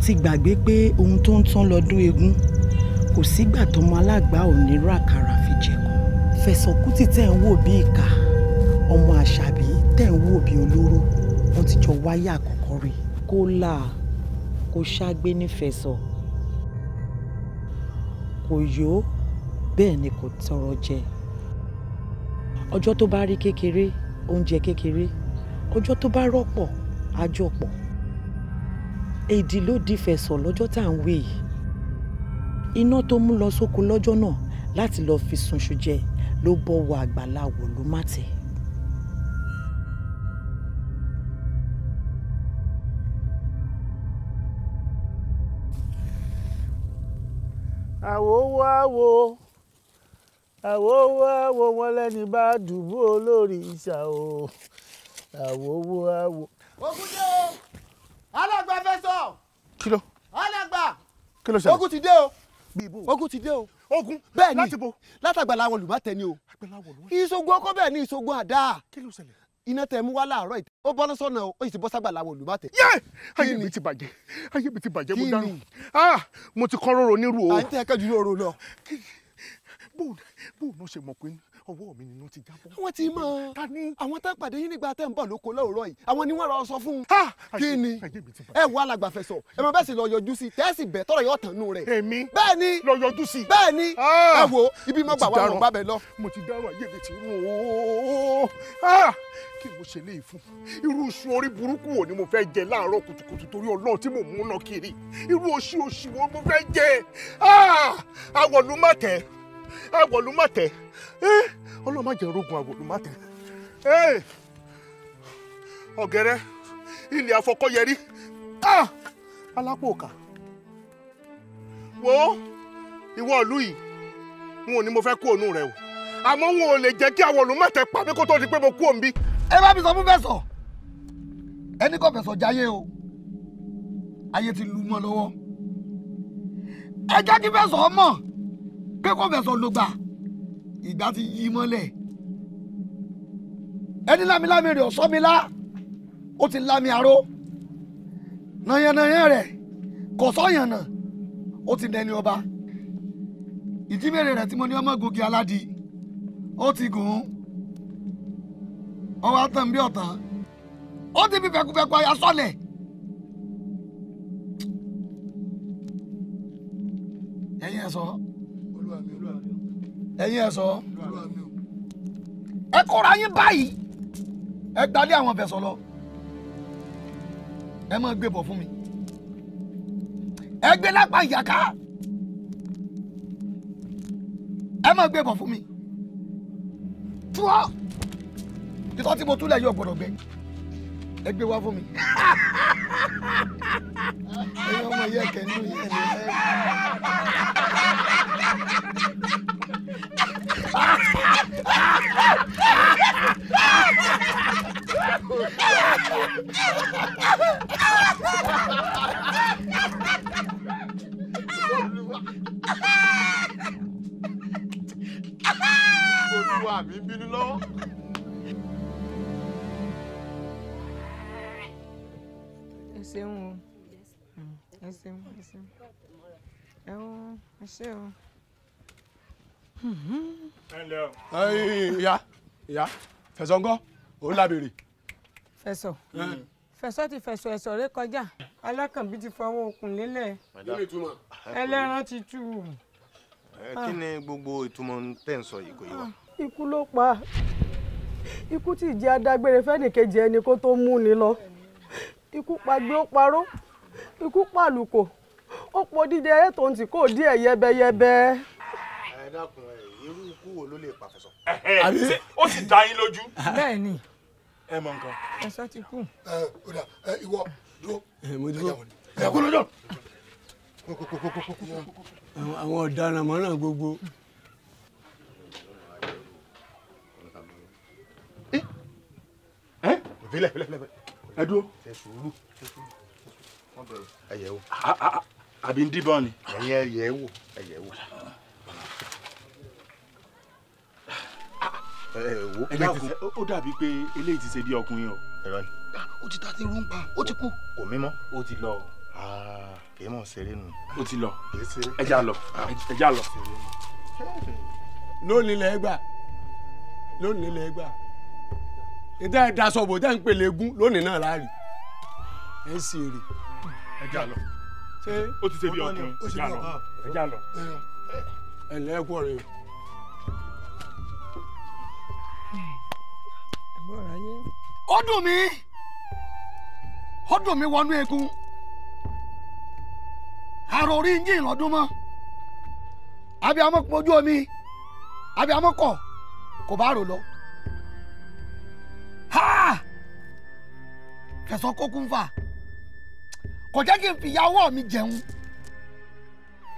ti gbàgbé pé ohun tó ń tán lọ́dún eégún kò sígbà tọmọ alágbà ò ní rú àkàrà fi jẹ̀kọ́ Fẹ̀sọ̀kútì tẹ̀ ń wò bí ìkà ọmọ àṣàbí tẹ̀ ń wò bí olóró wọ́n ti jọ wáyà àkọ́kọ́ rí kó là kó ṣàgbé ní Fẹ̀sọ̀ kò yó bẹ́ẹ̀ ni kò tọrọ jẹ ọjọ́ tó bá rí kékeré oúnjẹ kékeré ọjọ́ tó bá rọ́pọ̀ àjọpọ̀ èdè ló di fẹ̀sọ̀ lọ́jọ́ tá à ń wé yìí iná tó mú lọ sóko lọ́jọ́ náà láti lọ́ọ́ fi sunṣu jẹ ló bọ́ wọ àgbàlá wòlú wo àwòwò àwò àwòwò àwò wọn lẹ́ni bá dùbò olórí ìṣà o àwòwò àwò. ogun dé o alàgbà fẹ́ sọ. kí ló. alàgbà. kí ló ṣẹlẹ̀. ogun ti dé o. bíbó ogun ti dé o. ogun bẹ́ẹ̀ ni láti bo látàgbàlá wọn lùbá tẹ ni o. ìṣògùn ọkọ bẹ́ẹ̀ ni ìṣògùn àdá. kí ló ṣẹlẹ̀. iná tẹ mú wá láàárọ̀ ìtẹ ó bọ́ lọ́sọ̀nà o ó sì ti bọ́ ságbàlá wọn lùbá tẹ. yẹ ayé mi ti bàjẹ́ ayé mi ti bàjẹ́ mo dárò ah mo ti kọ́ róró nírú o. à ń tẹ́ ẹ ọwọ́ mi nínú ti jábọ́. àwọn ti mọ ta ni. àwọn tá a pàdé yín nígbà tẹ́ ń bọ̀ lóko láòrọ̀ yìí àwọn ni wọ́n rọ sọ fún un. kí ni ẹ wọ alàgbàfẹ́ sọ ẹ máa bẹ́ẹ̀ sì lọ yọjú sí tẹ́sí bẹ́ẹ̀ tọrọ yóò tán nù rẹ̀. èmi bẹ́ẹ̀ ni lọ yọjú sí. bẹ́ẹ̀ ni ẹ wo ibi má gbà wà lọ bá bẹ lọ. mo ti dárò ayé mi ti rún o kí mo ṣe léyìí fún irú oṣù orí burúkú wo ni mo fẹ́ jẹ láàárọ̀ kùtùkùtù torí ọlọ́run tí mò ń múná kiri irú oṣù oṣù wo mo fẹ́ jẹ àwọ̀lùmọ̀tẹ́ àwọ̀lùmọ̀tẹ̀ eh, ọlọ́mọ jẹ̀rọ̀gùn àwọ̀lùmọ̀tẹ̀ eh, ọ̀gẹ̀rẹ̀ ilẹ̀ àfọkọ́yẹrí ah, alápòkà wo ìwọ ìlú yìí n ò ní mo fẹ́ kú ònú rẹ o àmọ́ n ò lè jẹ́ kí pa mí kó tó di pé mo kú òǹbí. sọ fún fẹsọ ẹni kò fẹsọ jáyé o ayé ti lu mọ́ lọ́wọ́ ẹ jẹ́ kí fẹsọ kẹ́kọ̀ọ́ fẹ̀sọ̀ ló gbà ìgbà ti yí mọ́lẹ̀ ẹni lámilámi rẹ̀ ọ̀sọ́milá ó ti lámi aró nàyànnàyàn rẹ̀ kọ̀sọ́yànnà ó ti dẹni ọba ìjímèrè rẹ̀ tí mo ní ọmọ gògì aládìí ó ti gùn ún ọwọ́ àtàn bí ọ̀tàn ó ti fi fẹkufẹku aya sọ́lẹ̀. ẹ̀yin ẹ̀ So ẹ̀yin ẹ̀ sọ ẹ kóra yín báyìí ẹ gbalé àwọn fẹ̀sọ̀ lọ ẹ máa gbé bọ̀ fún mi ẹ gbé lápá ìyàká ẹ máa gbé bọ̀ fún mi túwọ́ títọ́ tí mo túlẹ̀ yóò gbọ́dọ̀ gbẹ ẹ gbé wá fún mi ẹ̀yin ọmọ yẹ kẹ́ńdú yẹn ẹ. Olúwa mi bínú lọ́wọ́. ẹ ṣeun o ẹ ṣeun ẹ ṣeun ẹ o ẹ ṣe o. ìyá hmm. ìyá fẹ̀sọ̀ ńkọ́ òun lábèrè. fẹ̀sọ̀ fẹ̀sọ̀ ti fẹ̀sọ̀ ẹ̀sọ̀ rẹ kọjá alákànbí ti fọwọ́ okùn lélẹ̀ ẹlẹ́ran ti tú u. kí ni gbogbo ìtumọ̀ tẹ̀ ń sọ yìí kò yé wa. Ah, ikú ló pa ikú tí ìjẹ́ adágbére fẹ́nìkejì ẹni kó tó mú ni lọ ikú pagbé ó parọ́ ikú pàlùkò ó pọ̀ dídẹ ẹ̀ tó ń tì kó dí yẹbẹyẹbẹ dákun ẹ irú ikú wo ló lè pa Àfẹ̀sọ. ó sì dá yín lójú. bẹ́ẹ̀ ni ẹ mọ nǹkan. Àfẹ̀sọ ti kú. ẹ o da ẹ ìwọ dúró. ẹ mo dúró ẹ kó lọ́jọ́. àwọn ọ̀daràn mọ́ràn gbogbo. ìbílẹ̀ ẹ dúró. ṣe sùúrù ẹyẹ wo. àbí ń díbọn ni. ẹyẹ ẹyẹ wo ẹyẹ wo ẹ dákun ó dàbí pé eléyìí ti ṣe bí ọkùnrin o. ẹ̀rọ ni. Ah, ó ti tàtí rúmpa ó ti kú. kò mímọ́. ó ti lọ. Ah, kì í mọ̀ ṣeré nù. ó ti lọ ẹ já lọ ah. ẹ já lọ. lónìí lẹ gbà lónìí lẹ gbà ìdá ẹ daṣọ bò dá ń pè lẹ́gún lónìí náà láàrin ẹ ń sì rè. ẹ já lọ ó ti ṣe bí ọkùnrin ẹ já lọ ẹ lẹ́kọ̀ọ́ rẹ ó dùn mí ó dùn mí wọnú eegun àròrí ń jìn lọ́dún mọ́ abiyamọ pojú omi abiyamọ kọ kò bá rò lọ fẹ̀sọ̀ kókó ń fà kò jẹ́ kí n fi ìyàwó mi jẹun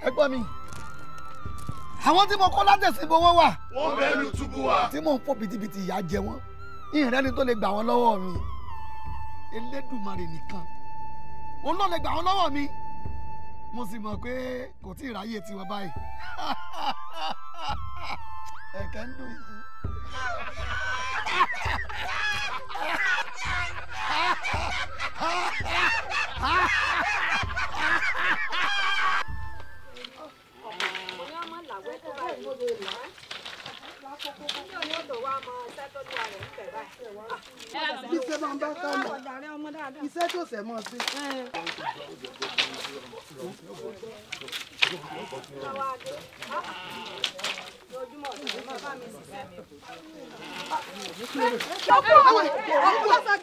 ẹ gbọ́ mi àwọn tí mo kọ́ látẹ̀sí gbowó wà. wọ́n bẹ́ẹ̀ lu túbú wa. tí mò ń fọ́ bìtìbìtì ìyá jẹ wọ́n ìrẹ́ni tó lè gbà wọ́n lọ́wọ́ mi Elédùmarè nìkan òun ló lè gbà wọ́n lọ́wọ́ mi mo sì mọ̀ pé kò tí ì ráyè tiwọn báyìí ẹ̀kẹ́ ń dùn yìí. Thank you iṣẹ́ máa ń bá kánú iṣẹ́ tó sẹ̀ mọ́ sí. mọ́kùn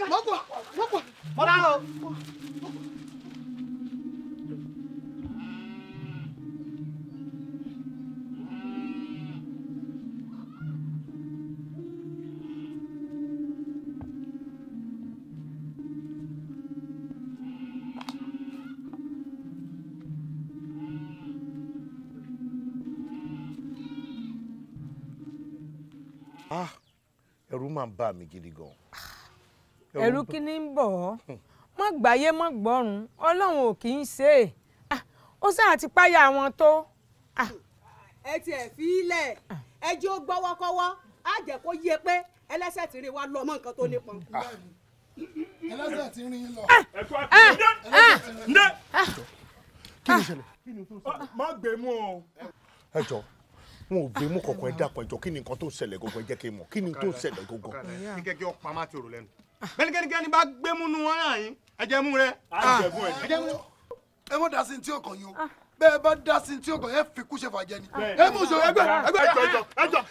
mọ́kùn mọ́kùn. ah ẹ̀rù máa ń bà mí gidi gan. Ah, ẹ̀rù kí ni ń bọ̀ ọ́ mọ́ hmm. gbáyé mọ́ gbọ́rùn ọlọ́run ò kì í ṣe é ah, ó sáà ti páyà wọn tó. Ah. ẹ tiẹ̀ fi í lẹ̀ ẹ jẹ́ ó gbọ́wọ́kọ́wọ́ á jẹ́ kó yé pé ẹlẹ́sẹ̀ tí rí wa lọ mọ́ nǹkan tó nípọn. ẹlẹ́sẹ̀ tí rí lọ. ẹ jọ wọn ò gbé mú kọ̀ọ̀kan ẹ dákun ẹjọ́ kí ni nǹkan tó ṣẹlẹ̀ gọ́gọ́ ẹ jẹ́ kí n mọ̀ kí ni tó ṣẹlẹ̀ gọ́gọ́. kí kẹ́kẹ́ ọ̀pá má ti rò lẹ́nu. bẹ́nikẹ́ni bá gbé múnú wọn náà yín ẹ̀jẹ̀ mú rẹ. ẹ mọ̀ dasí tí ọkàn yín o bẹ́ẹ̀ bá dasí tí ọkàn yẹn fi kú ṣe fàjẹ́ ni. ẹ mú sọ ẹgbẹ́ ẹgbẹ́ ẹjọ́ ẹjọ́ ẹjọ́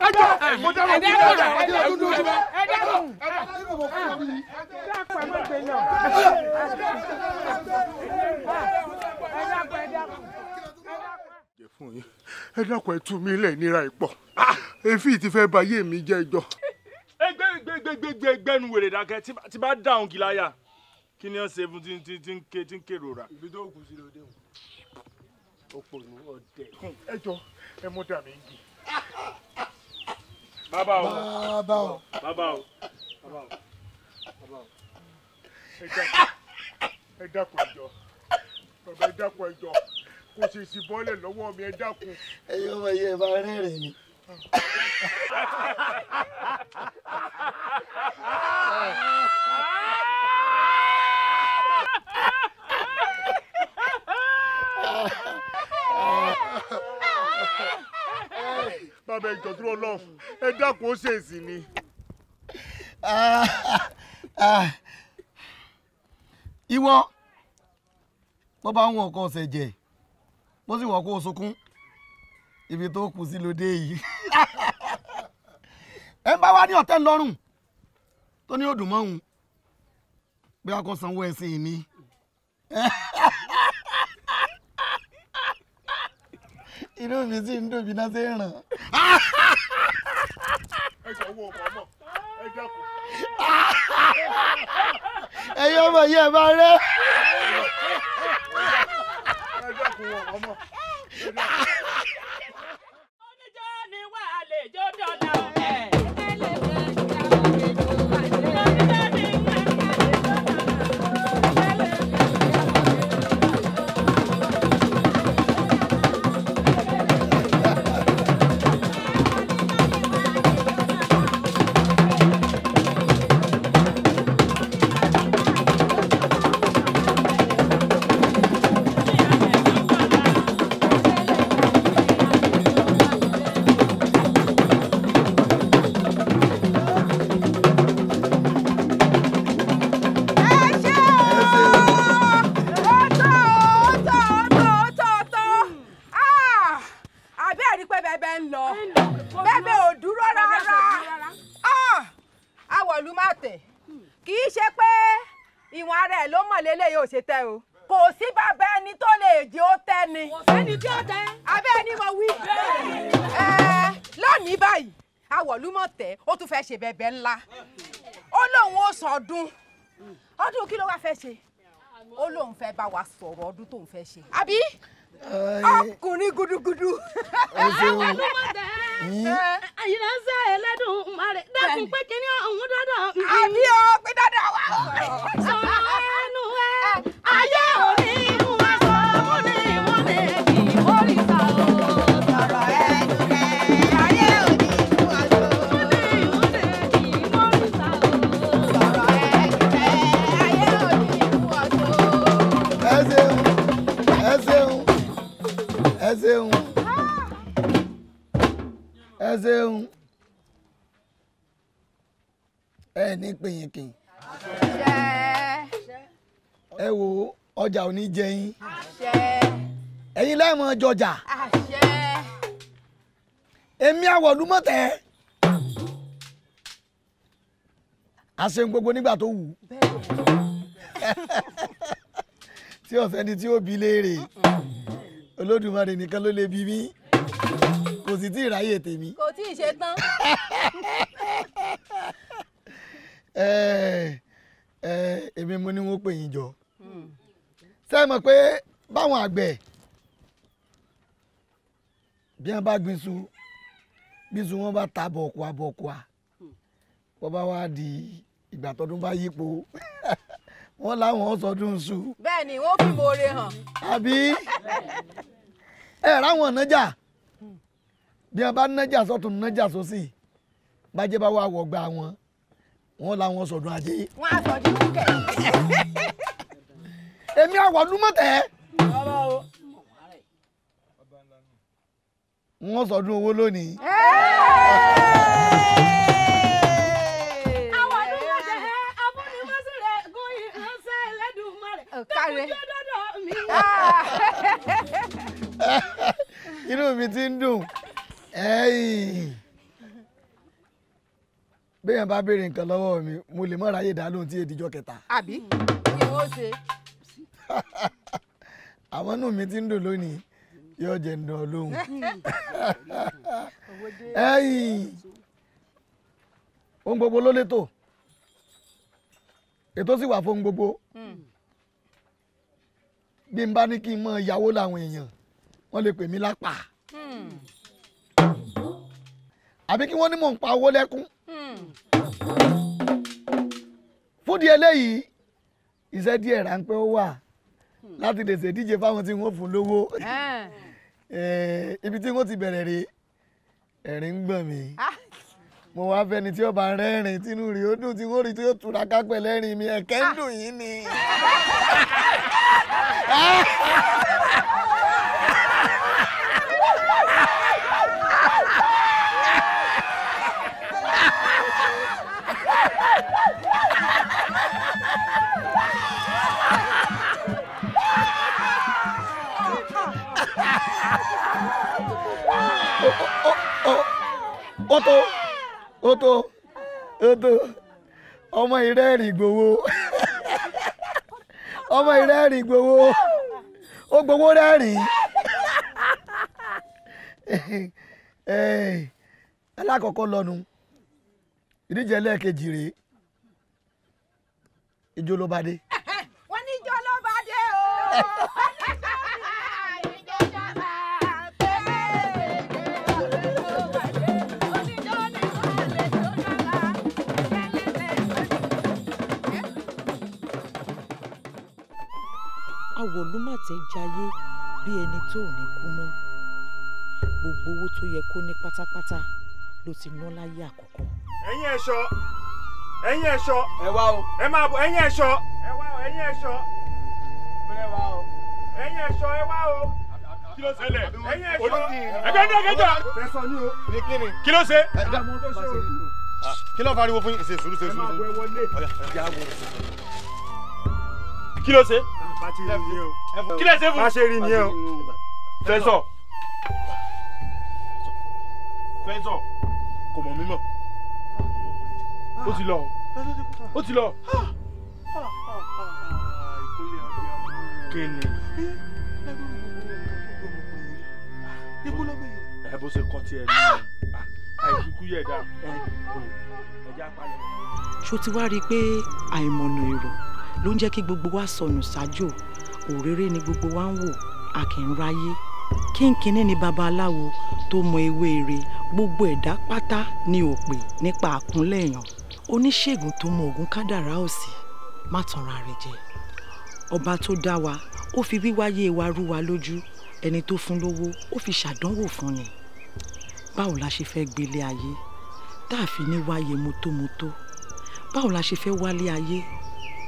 ẹjọ́ ẹjọ́ ẹjọ́ ẹjọ́ fún yín ẹ dákun ẹ tú mi lẹ nira ìpọ ah, èéfì ti fẹ́ bà yé mi jẹ́ jọ. ẹ gbẹ gbẹ gbẹ gbẹ gbẹ gbẹnu wèrè dákẹ́ tí bá dà òun gíláyà kí ni ó ṣe fún tí tí ń ké tí ń kérora. ibi tó kù sí ló dé wọn òpònú ọdẹ. ẹ jọ ẹ mú dà mí gì. bàbá o bàbá o bàbá o bàbá o bàbá o ẹ dákun ẹ jọ bàbá ẹ dákun ẹ jọ kò sì sì bọ́lẹ̀ lọ́wọ́ mi ẹ dákun. ẹyin ọmọ yẹn bá rẹ́rìn ni. bàbá ìjọ dúró lọ ẹ dákun ó ṣèṣì ni. ìwọ bọ́ bá ń wọ̀ ọkọ̀ ọ̀sẹ̀ jẹ́ bó sì wọ̀ kó o sunkún ibi tó kù sí lóde yìí ẹ ń bá wá ní ọ̀tẹ́ ńlọ́rùn tó ní òdùn mọ́hún bí a kò sanwó ẹ̀sìn mi inú mi sì ń dùn bí náà ṣe ń ràn. ẹ jọ owó ọmọ ọmọ ẹ dákun. ẹ̀yin ọmọ yìí ẹ bá rẹ́. 好嘛。bẹ́ẹ̀ ò dúró rárá àwọ̀lú ah! má tẹ̀ kì í ṣe pé ìwọ̀n ara ẹ̀ ló mọ̀ lélẹ́yìí ò ṣe tẹ́ o kò sí bàbá ẹni tó lè jẹ́ ó tẹ́ ni. kò sẹ́ni tí ó tẹ́. abẹ́ ẹni mo wí. ẹ lónìí báyìí àwọ̀lú mọ̀ tẹ́ ó tún fẹ́ ṣe bẹ̀bẹ̀ ńlá ó lóun ó sọdún ọdún kí ló wá fẹ́ ṣe ó lóun fẹ́ bá wa sọ̀rọ̀ ọdún tóun fẹ́ ṣe àbí ọkùnrin gudugudu. ẹ̀wọ̀n ló mọ̀ tẹ́ àyìnlá ń sẹ́ ẹlẹ́dùn máa rẹ̀ dákun pé kínní ọ̀hún dọ́dọ̀. àbí ọ pé dọ́dọ̀ wà. sọ̀rọ̀ ẹ̀. ẹ ṣeun ẹ ṣeun ẹ ní pèyìnkìn ẹ wo ọjà ò ní jẹyìn ẹ̀yin lẹ́mọ̀ jọjà èmi àwọ̀lúmọ̀tẹ́ àṣẹ gbogbo nígbà tó wù tí ọ̀sẹ̀ ni tí ó bi léèrè olódùmarè nìkan ló lè bí mi kò sì tí ì ráyè tèmi. kò tí ì ṣe tán. èmi mo ní wọn pè yín jọ hmm. ṣé mọ̀ pé báwọn àgbẹ̀ bí wọ́n bá gbin su wọn bá ta bọ̀kùà bọ̀kùà hmm. wọ́n bá wá di ìgbà tọdún bá yípo wọ́n láwọn sọdún su. bẹ́ẹ̀ ni wọ́n fi mòore hàn. àbí ẹ ráwọn nájà bí wọn bá nájà sọ́tún nájà sósì bájẹ́ bá wà wọn wọn làwọn sọdún ajé. wọn á sọdún mọtẹ. èmi àwọdún mọtẹ. wọn sọdún owó lónìí. inú mi ti ń dùn béèyàn bá béèrè nǹkan lọ́wọ́ mi mo lè mọ̀ ráyè dá lóhun tí èdìjọ́ kẹta. àbí kí o ṣe. àwọn inú mi ti ń dùn lónìí yóò jẹ ń dán lóhùn. ohun gbogbo ló létò ètò sì wà fún ohun gbogbo hmm. bí n bá ní kí n mọ ìyàwó làwọn èèyàn wọ́n lè pè mí lápá hmm. àbí kí wọ́n ní mò ń pa owó lẹ́kún hmm. fúdi eléyìí iṣẹ́ díẹ̀ ráńpẹ́ ó wà láti lè ṣèdíje fáwọn tí wọ́n fún lówó eh. Eh, ibi tí wọ́n ti bẹ̀rẹ̀ rèé ẹ̀rín ń gbọ̀n mi ah. mo wá fẹ́ni tí ó bá rẹ́rìn tínú rí ó dùn tí wọ́n rí tí ó tura kápẹ́ lẹ́rìn mi ẹ̀kẹ́ ń dùn yín ni. Ah. tó ọmọ ìrẹ́rìn gbowó ọmọ ìrẹ́rìn gbowó ó gbowó rẹ́rìn alákọ̀ọ́kọ́ lọ́nu ìdíje ẹlẹ́ẹ̀kejì rèé ìjọ wọ́n ní ìjọ o. wòlúmọ̀tẹ́ jayé bí ẹni tó ò ní kú mọ́ gbogbo owó tó yẹ kó ní pátápátá ló ti ná láyé àkọ́kọ́. ẹ̀yin ẹ̀ṣọ́ ẹ̀yin ẹ̀ṣọ́ ẹ wá o ẹ máa bọ̀ ẹ̀yin ẹ̀ṣọ́ ẹ wá o ẹ̀yin ẹ̀ṣọ́ ẹ wá o ẹ̀yin ẹ̀ṣọ́ ẹ wá o kí ló ṣẹlẹ̀ ẹ̀yin ẹ̀ṣọ́ ẹgbẹ́ ní ẹgbẹ́jọ́ ẹ̀ṣọ́ ni o ní kí ni kí ló ṣe. Ah, kí ló fariwo fún yín ṣe sùúrù ṣe sùúrù kí ló ṣe kí lè ṣe fún. bá ṣe rí ni ẹ o. fẹsọ. fẹsọ kò mọ̀ mímọ̀ ó ti lọ ó ti lọ. kí ẹ bó ṣe kọ́ tiẹ̀ ní ah, àìkúkú yẹ̀dá ẹja palẹ̀. ṣó ti wá rí i pé àìmọ̀nà èrò ló ń jẹ́ kí gbogbo wa sọnù ṣáájú òréré ni gbogbo wa ń wò a kì í ráyé kínkínní ni babaláwo tó mọ ewé rẹ̀ gbogbo ẹ̀dá pátá ni òpè nípa àkúnlẹ̀ èèyàn oníṣègùn tó mọ ògùn kádàrá òsì má tanra rẹ̀ jẹ ọba tó dá wa ó fi wíwáyé wa rú wa lójú ẹni tó fún lówó ó fi ṣàdánwò fún ni báwo la ṣe fẹ́ gbélé ayé tá a fi ní wáyé mutómutó báwo la ṣe fẹ́ wálé ayé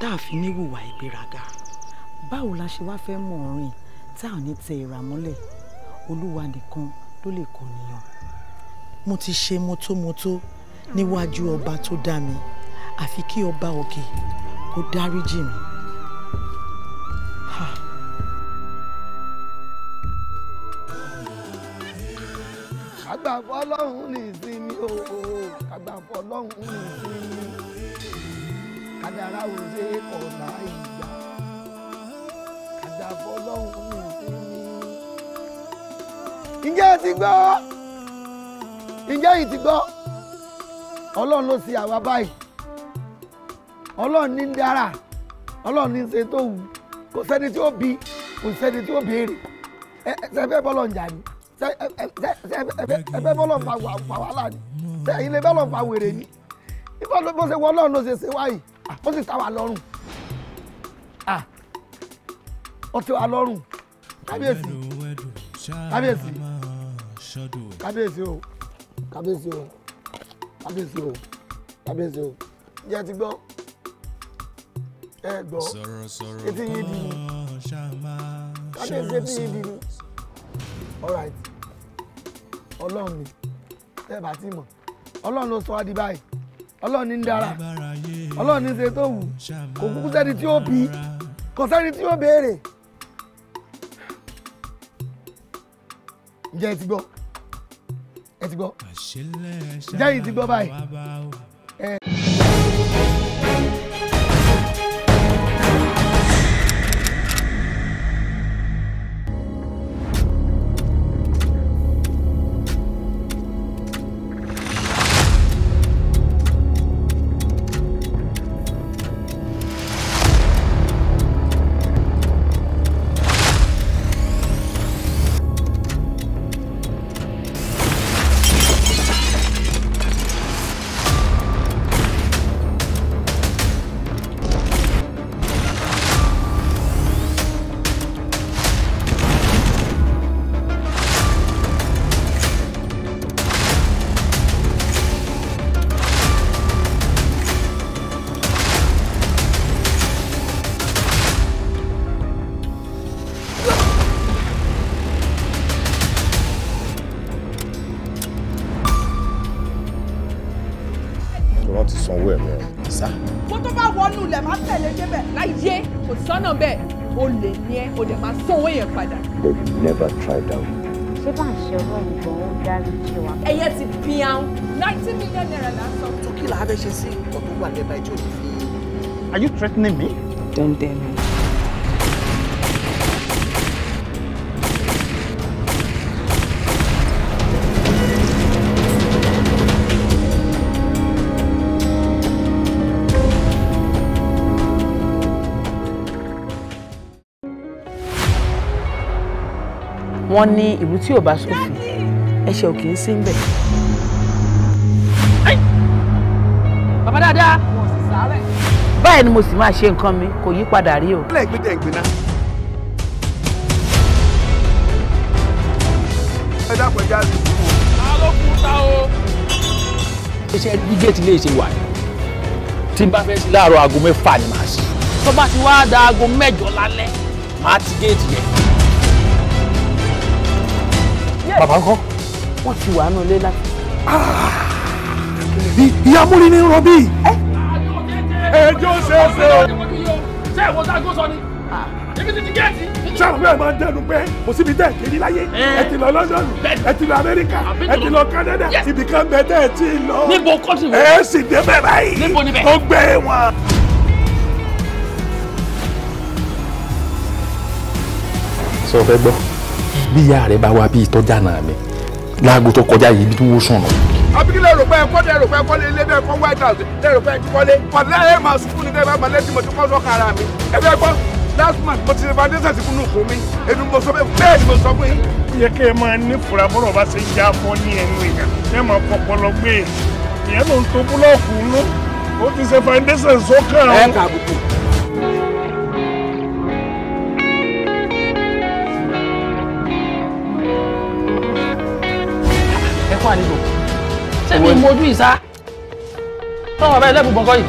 tá a fi níwùwà ìgbéraga báwo la ṣe wá fẹ́ mọ̀ ọ̀rìn tá a ní tẹ ìràmọ́lẹ̀ olúwa nìkan ló lè kọ̀nìyàn. mo ti ṣe mọ́tómọ́tó níwájú ọba tó dá mi àfi kí ọba òkè kó dáríjì mi. àgbàfọ́ ọlọ́run ní ìsinmi o àgbàfọ́ ọlọ́run ní ìsinmi kádàrá ò ṣe é kọ̀ láì gbà àdàfọ́ lọ́hùn ní ìsinmi. ǹjẹ́ ẹ ti gbọ́ ǹjẹ́ yìí ti gbọ́ ọlọ́run ló ṣe àwa báyìí ọlọ́run ní dára ọlọ́run ní ṣe tó wù kò sẹ́ni tí ó bi kò sẹ́ni tí ó béèrè ẹ fẹ́ bọ́lọ̀ ń jà ni ẹ fẹ́ bọ́lọ̀ ń fa wàhálà ni ṣe ilé bọ́lọ̀ ń fa wèrè ni ìfọ̀dọ̀ bó ṣe wọ ọlọ́run ló ṣe ṣe wáyìí. Ah, ó sì ta wá lọ́rùn ah, ó ti wá lọ́rùn kábíyèsí kábíyèsí kábíyèsí o kábíyèsí o kábíyèsí o kábíyèsí o jẹ́ ti gbọ́ ẹ gbọ́ etí yìí di ni kábíyèsí etí yìí di ni alright ọlọ́run ni tẹ́ ẹ bá ti mọ̀ ọlọ́run ló sọ wá di báyìí ọlọ́run ní dára ọlọ́run ní ṣe tó wù kò kúkú sẹ́ni tí ó bí kò sẹ́ni tí ó béèrè. ǹjẹ́ ẹ ti gbọ́ ẹ ti gbọ́ ǹjẹ́ yìí ti gbọ́ báyìí. o lè ní ẹ o lè máa sanwó yẹn padà. they never tried out. ṣé bá ń ṣe ọwọ́ ìbọn ó dárí jẹ wa. ẹyẹ ti pin àwọn ninety million naira lásán. tó kí ṣe sí ọ̀tún wà lẹ́bàá ìjọ òfin. are you threatening me? don't dare me. wọ́n ní ìlú tí ò bá sófin ẹ̀ṣẹ̀ ò kì í sí ńbẹ̀. bàbá dáadáa báyìí ni mo sì máa ṣe nǹkan mi kò yí padà rí o. iṣẹ́ gbígbé tí lè ṣe wà ní tí n bá fẹ́ sí láàárọ̀ aago mẹ́fà ni màá ṣe. tó bá ti wá da aago mẹ́jọ lálẹ́ màá ti géètì yẹn bàbá ńkọ́. wọ́n ti wà nínú ilé láti. Ah! ìyá múlí ní rọbí. ẹjọ́ ṣeéṣe o. ṣé ìwọ tá a gbọ́ sọ ni. èmi ti di gẹ́ẹ̀tì. sáwọn ẹ̀ máa ń dẹnu pé kò síbi tẹ̀ kiri láyé ẹ ti lọ lọ́dọ̀nù ẹ ti lọ amẹ́ríkà ẹ ti lọ kánádà ibì kan bẹ tẹ̀ tí ì lọ. níbo kọ́tù wo. ẹ sì débẹ̀ báyìí ó gbé e wọn. sọ fẹ́ gbọ́ bí ìyá rẹ bá wá bí ìtọ́jà náà mi láago tó kọjá yìí ibi tí wọ́n sùn nù. abigilẹ rògbà ẹkọ dẹ rògbà ẹkọ lé ilé bẹẹ kọ white house dẹ rògbà ẹkọ kọlé padà ẹ máa sùkúrú ní dẹbẹ àmàlẹ tí mo ti kọ sọ kàrà mi ẹ bẹ gbọ́ last month mo ti ṣe foundation sí kúnnù fún mi ẹnu mo sọ bẹ́ẹ̀ ni mo sọ fún yín. yẹ kí ẹ máa ní fura bọ́rọ̀ bá ṣe já fọ́ ní ẹnu ìyá ẹ máa fọpọlọ gbé e ìyẹn ló ń to búlọ̀kù ń lò ó ti ṣe foundation sókè àwọn. ẹ kà àbùkù wà nílò ṣé mi mojú ìsá tọ́wọ́ bá ẹlẹ́bùn bọ́kọ́ yìí.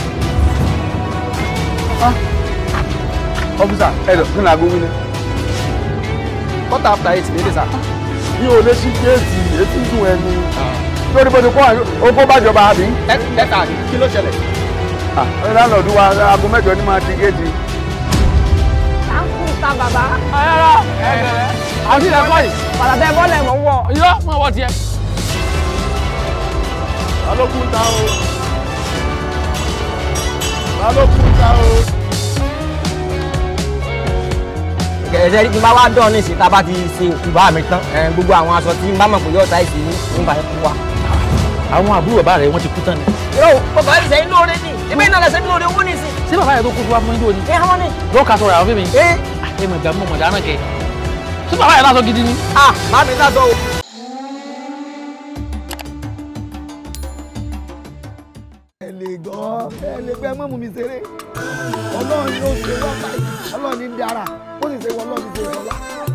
ọ́fíìsà ah. ẹ̀dọ̀ kí ni aago wí ni quarter after eight nílé mi ò lè ṣí géètì etí dùn ẹni lórí ah. bó ti kọ́ okó bàjọba àbí. ẹ̀ka kí ló ṣẹlẹ̀. Ah, lánàá wa aago mẹ́jọ ni máa ti géètì. sáńkù ta bàbá. ẹ ẹ ẹ àti ilẹ̀ kọ́ yìí. padà bẹ́ẹ̀ bọ́ọ̀lù ẹ̀ mọ̀ ń yọ mọ̀ wọ́ tiẹ̀ ta ló kú ta o ta ló kú ta o. gẹ̀ẹ́sẹ̀ ní bá wá dán níṣẹ́ tá a bá ti ṣe òkú bá mi tán gbogbo àwọn aṣọ tí n bá mọ̀ pé yóò ta ìsì ní nígbà yẹn fún wa. àwọn àbúrò bàbá rẹ wọn ti kú tán ni. yóò bàbá rẹ sẹ́yìn lóore ni ìbí iná lẹ́sẹ̀ mi lóore owó ní ìsìn. ṣé bàbá rẹ tó kú fún wa fún yín lóore. ẹ hàn ni. yóò kà sọ̀rọ̀ àwọn fún mi. ẹ ẹ mọ̀ ìgbà mọ̀ mọ̀ dáná kẹ. ṣé bàbá rẹ lásọ gidi ni. ah màá mi lásọ o. ẹ lè fẹ́ mọ́mú mi ṣeré ọlọ́run ló ṣe wọ́n báyìí ọlọ́run ní dára ó sì ṣe wọ́n lọ́ọ́ fi ṣe ìṣọ́lá.